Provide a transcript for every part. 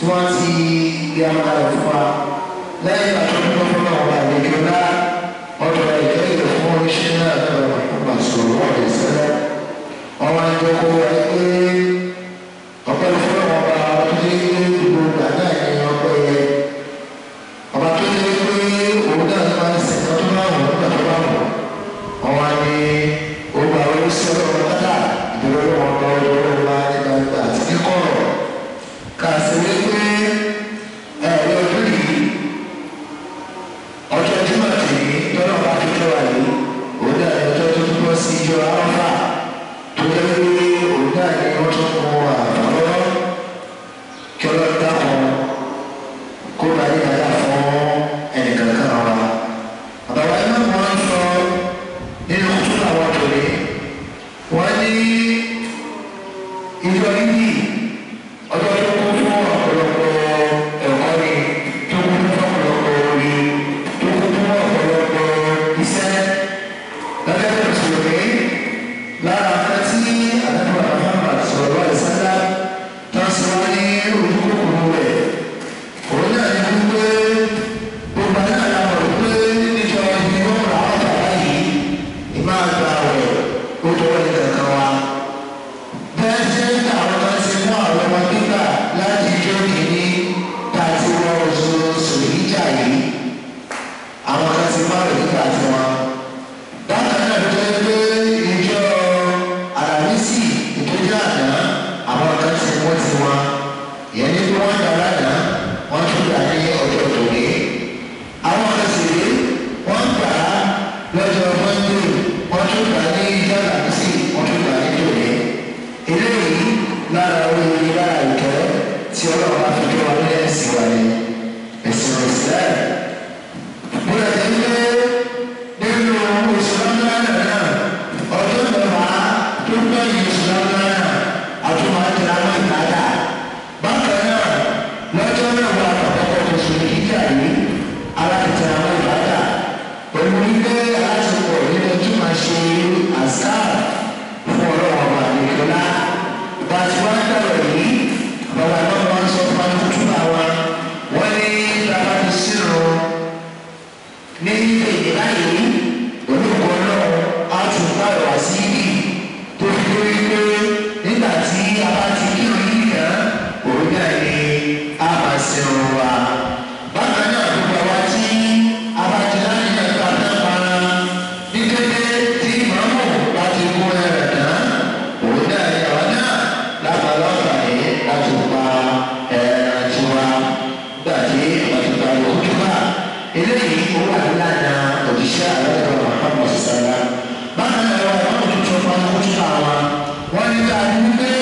tí wọ́n ti gbé amára rẹ̀ fún wa lẹ́yìn àtúntò fún ọ̀gá ìgbẹ́jọ́ náà ọ̀dọ̀ ìgbẹ́jọ́ fún oníṣẹ́ náà náà. Tudo além de lọ́jọ́ mọ́ndé wọ́n tún gbà ní yàrá sí wọ́n tún gbà ní tòlẹ́ eléyìí lára oríire lára ìkẹ́ tí ọlọ́run bá fi dé. eléyìí ó wà nílànà òjíṣẹ́ àlọ́dọ̀ Muhammad sara bákan náà wọ́n wọ́n tún tún fún ọmọ tún àwa wọ́n ní ká ní pé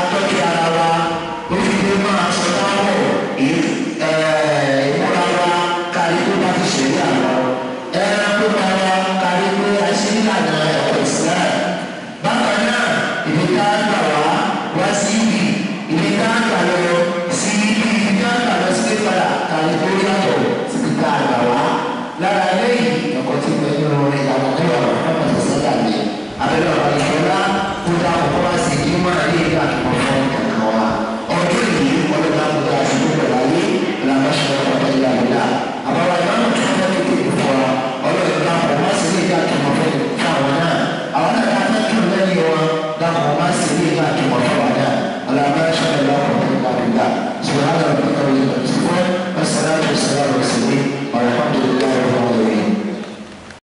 atọ́jú ara wa ó fi lè máa sọ táwọn ìmúra wa kárí tó bá ti ṣẹlẹ̀ àwọn.